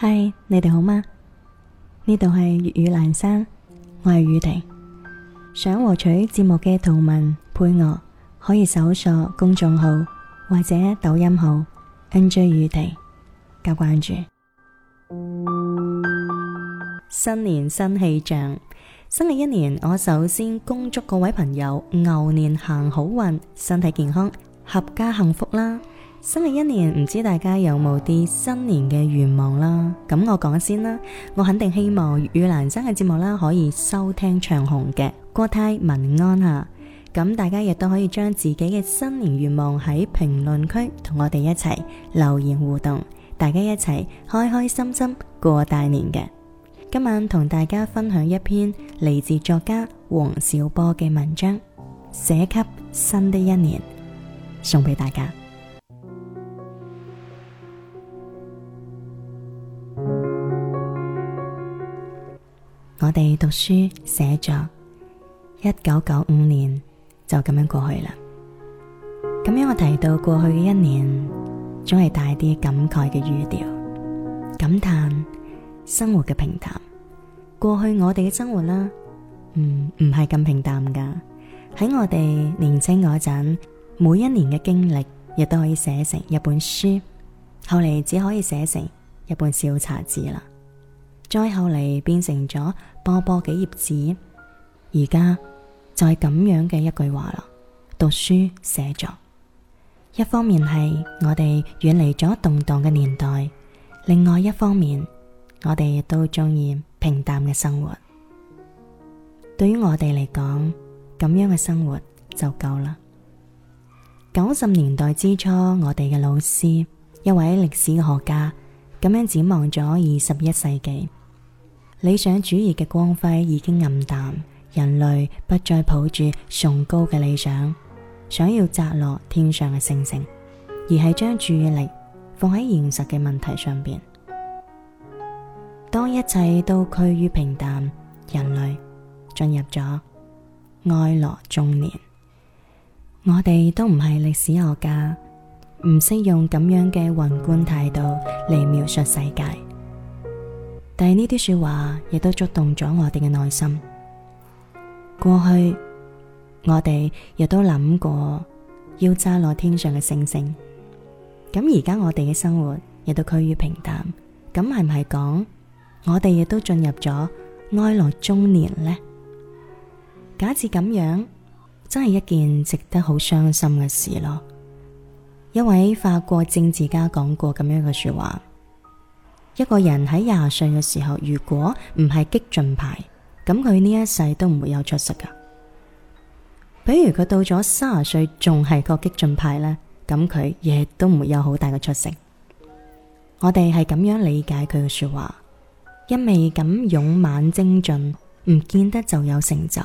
嗨，Hi, 你哋好嗎？呢度係粵語闌珊，我係宇婷。想獲取節目嘅圖文配樂，可以搜索公眾號或者抖音號 NJ 宇婷加關注。新年新氣象，新嘅一年，我首先恭祝各位朋友牛年行好運，身體健康，闔家幸福啦！新嘅一年，唔知大家有冇啲新年嘅願望啦？咁我講先啦，我肯定希望粵語男生嘅節目啦可以收聽長虹嘅國泰民安啊！咁大家亦都可以將自己嘅新年願望喺評論區同我哋一齊留言互動，大家一齊開開心心過大年嘅。今晚同大家分享一篇嚟自作家王小波嘅文章，寫給新的一年，送俾大家。我哋讀書寫作，一九九五年就咁樣過去啦。咁樣我提到過去嘅一年，總係帶啲感慨嘅語調，感嘆生活嘅平淡。過去我哋嘅生活啦，嗯，唔係咁平淡噶。喺我哋年青嗰陣，每一年嘅經歷亦都可以寫成一本書，後嚟只可以寫成一本小冊子啦。再後嚟變成咗。薄薄幾頁紙，而家就係咁樣嘅一句話啦。讀書寫作，一方面係我哋遠離咗動盪嘅年代，另外一方面我哋亦都中意平淡嘅生活。對於我哋嚟講，咁樣嘅生活就夠啦。九十年代之初，我哋嘅老師，一位歷史學家，咁樣展望咗二十一世紀。理想主義嘅光輝已經暗淡，人類不再抱住崇高嘅理想，想要摘落天上嘅星星，而係將注意力放喺現實嘅問題上邊。當一切都趨於平淡，人類進入咗哀樂中年。我哋都唔係歷史學家，唔識用咁樣嘅宏觀態度嚟描述世界。但係呢啲說話亦都觸動咗我哋嘅內心。過去我哋亦都諗過要揸落天上嘅星星。咁而家我哋嘅生活亦都趨於平淡。咁係唔係講我哋亦都進入咗哀樂中年呢？假設咁樣，真係一件值得好傷心嘅事咯。一位法國政治家講過咁樣嘅說話。一個人喺廿歲嘅時候，如果唔係激進派，咁佢呢一世都唔會有出息噶。比如佢到咗三十歲，仲係個激進派呢，咁佢亦都唔會有好大嘅出息。我哋係咁樣理解佢嘅說話：一味咁勇猛精進，唔見得就有成就。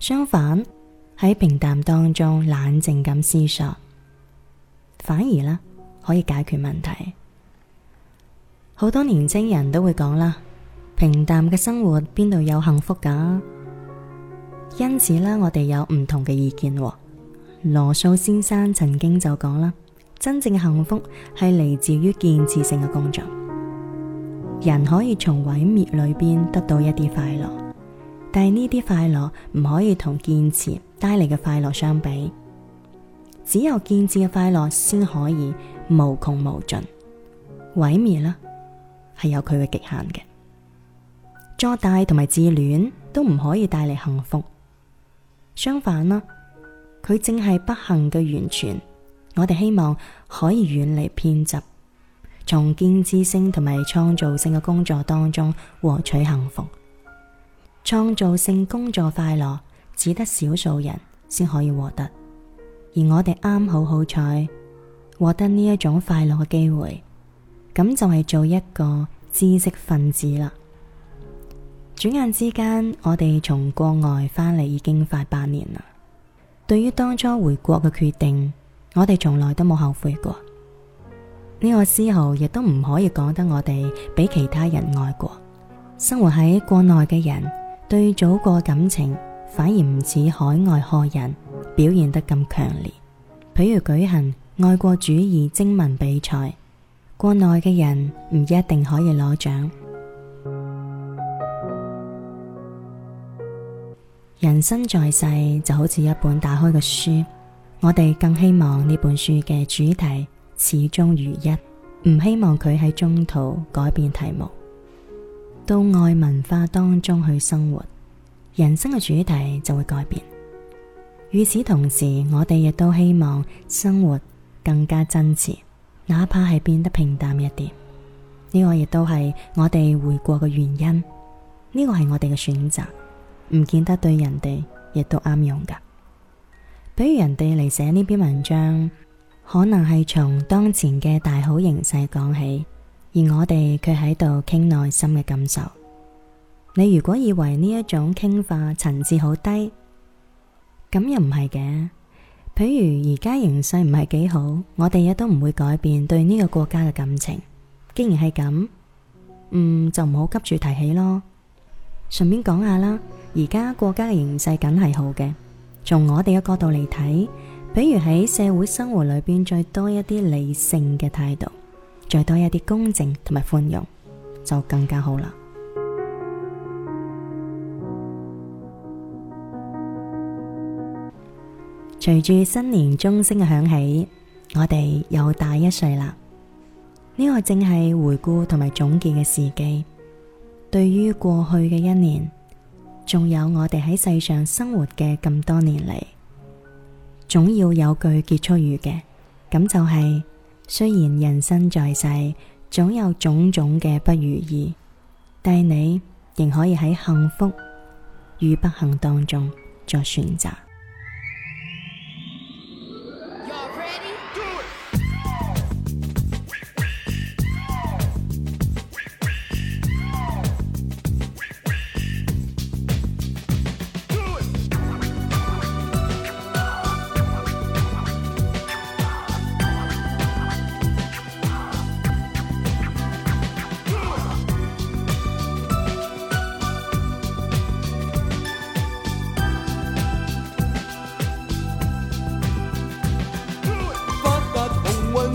相反，喺平淡當中冷靜咁思索，反而呢，可以解決問題。好多年輕人都會講啦，平淡嘅生活邊度有幸福噶？因此啦，我哋有唔同嘅意見。羅素先生曾經就講啦，真正嘅幸福係嚟自於建設性嘅工作。人可以從毀滅裏邊得到一啲快樂，但係呢啲快樂唔可以同建設帶嚟嘅快樂相比。只有建設嘅快樂先可以無窮無盡，毀滅啦。係有佢嘅極限嘅，作大同埋自戀都唔可以帶嚟幸福。相反啦，佢正係不幸嘅源泉。我哋希望可以遠離偏執，從建設性同埋創造性嘅工作當中獲取幸福。創造性工作快樂，只得少數人先可以獲得，而我哋啱好好彩，獲得呢一種快樂嘅機會。咁就係做一個知識分子啦。轉眼之間，我哋從國外翻嚟已經快八年啦。對於當初回國嘅決定，我哋從來都冇後悔過。呢、這個絲毫亦都唔可以講得我哋比其他人愛國。生活喺國內嘅人對祖國感情，反而唔似海外學人表現得咁強烈。譬如舉行愛國主義徵文比賽。國內嘅人唔一定可以攞獎。人生在世就好似一本打開嘅書，我哋更希望呢本書嘅主題始終如一，唔希望佢喺中途改變題目。到外文化當中去生活，人生嘅主題就會改變。與此同時，我哋亦都希望生活更加真切。哪怕係變得平淡一點，呢個亦都係我哋回國嘅原因。呢個係我哋嘅選擇，唔見得對人哋亦都啱用㗎。比如人哋嚟寫呢篇文章，可能係從當前嘅大好形勢講起，而我哋卻喺度傾內心嘅感受。你如果以為呢一種傾法層次好低，咁又唔係嘅。譬如而家形勢唔係幾好，我哋也都唔會改變對呢個國家嘅感情。既然係咁，嗯，就唔好急住提起咯。順便講下啦，而家國家嘅形勢梗係好嘅。從我哋嘅角度嚟睇，比如喺社會生活裏邊，再多一啲理性嘅態度，再多一啲公正同埋寬容，就更加好啦。隨住新年鐘聲嘅響起，我哋又大一歲啦。呢個正係回顧同埋總結嘅時機。對於過去嘅一年，仲有我哋喺世上生活嘅咁多年嚟，總要有句結束語嘅。咁就係，雖然人生在世，總有種種嘅不如意，但你仍可以喺幸福與不幸當中作選擇。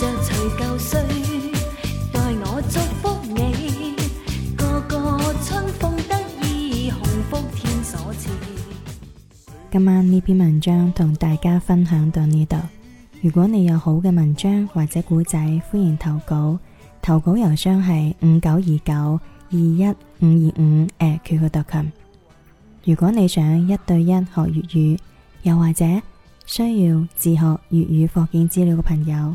着除舊歲，代我祝福你，個個春風得意，鴻福天所賜。今晚呢篇文章同大家分享到呢度。如果你有好嘅文章或者古仔，歡迎投稿。投稿郵箱係五九二九二一五二五 @qq.com。如果你想一對一學粵語，又或者需要自學粵語課件資料嘅朋友。